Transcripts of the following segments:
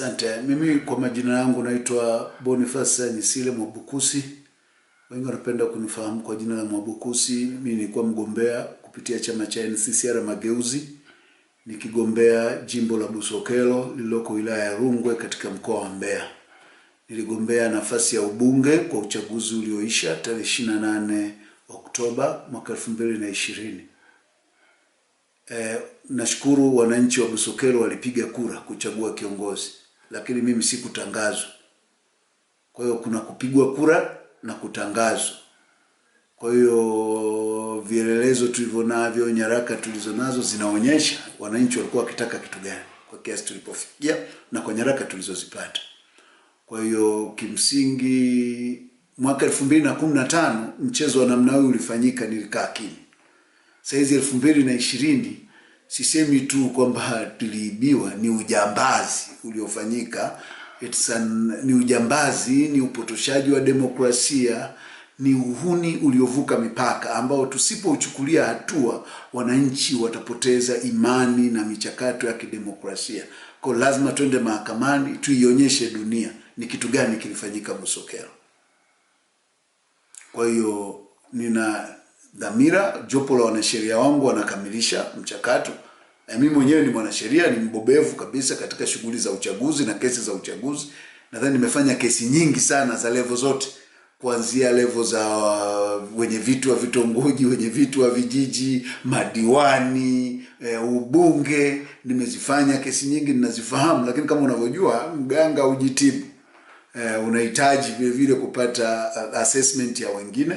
Asante. Mimi kwa majina yangu naitwa Boniface anisile Mwabukusi, wengi wanapenda kunifahamu kwa jina la Mwabukusi. Mimi nilikuwa mgombea kupitia chama cha NCCR Mageuzi nikigombea jimbo la Busokelo lililoko wilaya ya Rungwe katika mkoa wa Mbeya. Niligombea nafasi ya ubunge kwa uchaguzi ulioisha tarehe 28 Oktoba mwaka 2020. Eh, nashukuru wananchi wa Busokelo walipiga kura kuchagua kiongozi lakini mimi kutangazwa. Kwa hiyo kuna kupigwa kura na kutangazwa. Kwa hiyo vielelezo tulivyo navyo, nyaraka tulizo nazo zinaonyesha wananchi walikuwa wakitaka kitu gani kwa kiasi tulipofikia na kwa nyaraka tulizozipata. Kwa hiyo kimsingi, mwaka elfu mbili na kumi na tano mchezo wa namna huyu ulifanyika, nilikaa kimya. Saizi elfu mbili na ishirini sisemi tu kwamba tuliibiwa, ni ujambazi uliofanyika. It's an, ni ujambazi, ni upotoshaji wa demokrasia, ni uhuni uliovuka mipaka ambao tusipouchukulia hatua wananchi watapoteza imani na michakato ya kidemokrasia. Kwa lazima twende mahakamani tuionyeshe dunia ni kitu gani kilifanyika Busokelo. Kwa hiyo nina dhamira. Jopo la wanasheria wangu wanakamilisha mchakato, na mimi mwenyewe ni mwanasheria, ni mbobevu kabisa katika shughuli za uchaguzi na kesi za uchaguzi. Nadhani nimefanya kesi nyingi sana za levo zote, kuanzia levo za uh, wenye vitu wa vitongoji, wenye vitu wa vijiji, madiwani, e, ubunge. Nimezifanya kesi nyingi, ninazifahamu. Lakini kama unavyojua, mganga hujitibu, e, unahitaji vile vile kupata uh, assessment ya wengine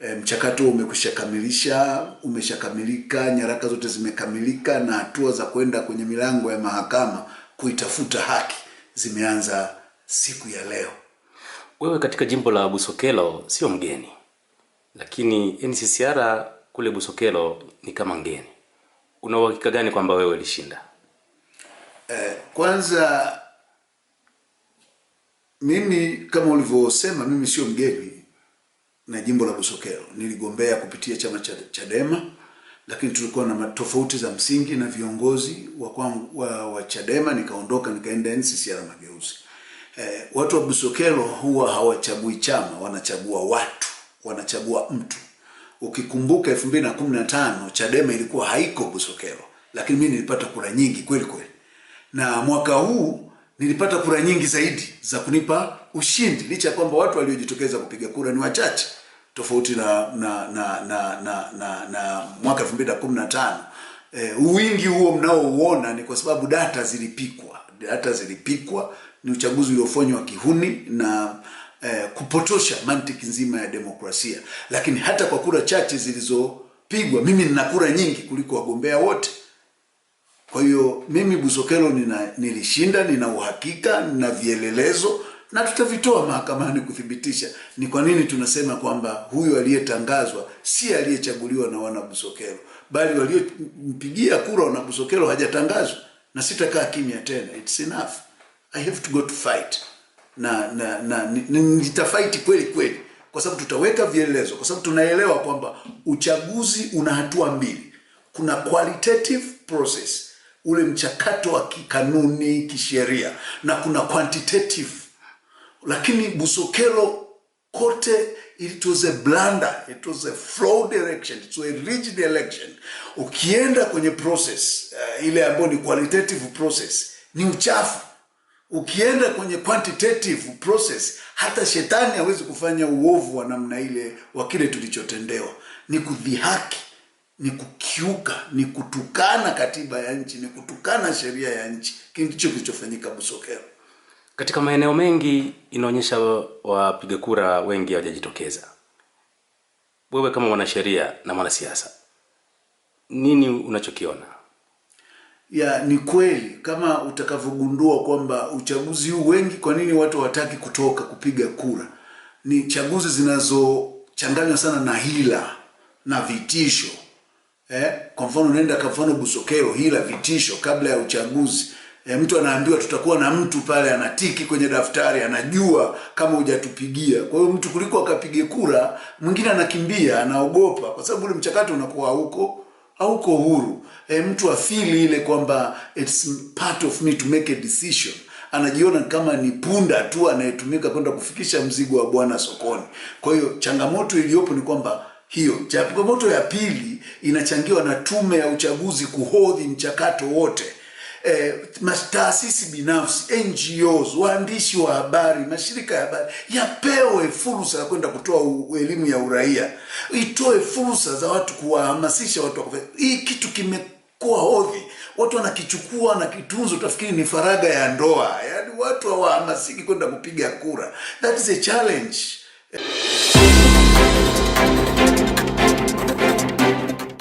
e, mchakato umekwishakamilisha umeshakamilika, nyaraka zote zimekamilika na hatua za kwenda kwenye milango ya mahakama kuitafuta haki zimeanza siku ya leo. Wewe katika jimbo la Busokelo sio mgeni, lakini NCCR kule Busokelo ni kama mgeni. Una uhakika gani kwamba wewe ulishinda? Eh, kwanza mimi kama ulivyosema, mimi sio mgeni na jimbo la Busokelo. Niligombea kupitia chama cha Chadema, lakini tulikuwa na tofauti za msingi na viongozi wa, wa, wa Chadema. Nikaondoka nikaenda NCCR Mageuzi. Eh, watu wa Busokelo huwa hawachagui chama, wanachagua watu, wanachagua mtu. Ukikumbuka elfu na Chadema ilikuwa haiko Busokelo, lakini mimi nilipata kura nyingi kweli kweli, na mwaka huu nilipata kura nyingi zaidi za kunipa ushindi licha ya kwamba watu waliojitokeza kupiga kura ni wachache tofauti na na na na na, na, na mwaka 2015. eh, wingi huo mnaouona ni kwa sababu data zilipikwa, data zilipikwa. Ni uchaguzi uliofanywa kihuni na eh, kupotosha mantiki nzima ya demokrasia, lakini hata kwa kura chache zilizopigwa, mimi nina kura nyingi kuliko wagombea wote. Kwa hiyo mimi Busokelo nina, nilishinda, nina uhakika, na vielelezo na tutavitoa mahakamani kuthibitisha ni kwa nini tunasema kwamba huyu aliyetangazwa si aliyechaguliwa na wana bali waliompigia kura wana hajatangazwa, na sitakaa kimya tena. It's enough, I have to go to fight na na, na nitafaiti kweli kweli, kwa sababu tutaweka vielelezo, kwa sababu tunaelewa kwamba uchaguzi una hatua mbili. Kuna qualitative process, ule mchakato wa kikanuni kisheria, na kuna quantitative lakini Busokelo kote it was a blunder, it was a fraud election, it was a rigged election. Ukienda kwenye process uh, ile ambayo ni qualitative process ni uchafu. Ukienda kwenye quantitative process, hata shetani hawezi kufanya uovu wa namna ile wa kile tulichotendewa. Ni kudhihaki, ni kukiuka, ni kutukana katiba ya nchi, ni kutukana sheria ya nchi, ndicho kilichofanyika Busokelo. Katika maeneo mengi inaonyesha wapiga kura wengi hawajajitokeza. Wewe kama mwanasheria na mwanasiasa, nini unachokiona? Ya, ni kweli kama utakavyogundua kwamba uchaguzi huu wengi, kwa nini watu hawataki kutoka kupiga kura? Ni chaguzi zinazochanganywa sana na hila na vitisho eh? Kwa mfano unaenda, kwa mfano Busokero, hila, vitisho kabla ya uchaguzi ya eh, mtu anaambiwa tutakuwa na mtu pale anatiki kwenye daftari, anajua kama hujatupigia. Kwa hiyo mtu kuliko akapige kura, mwingine anakimbia, anaogopa, kwa sababu ule mchakato unakuwa huko hauko huru. E, mtu afili ile kwamba it's part of me to make a decision anajiona kama ni punda tu anayetumika kwenda kufikisha mzigo wa bwana sokoni. Kwa hiyo changamoto iliyopo ni kwamba hiyo. Changamoto ya pili inachangiwa na tume ya uchaguzi kuhodhi mchakato wote eh, taasisi binafsi, NGOs, waandishi wa habari, mashirika ya habari yapewe fursa ya kwenda kutoa elimu ya uraia, itoe fursa za watu kuwahamasisha watu wa hii kitu kimekuwa hodhi watu wanakichukua na kitunzo, utafikiri ni faraga ya ndoa. Yaani watu hawahamasiki kwenda kupiga kura. That is a challenge.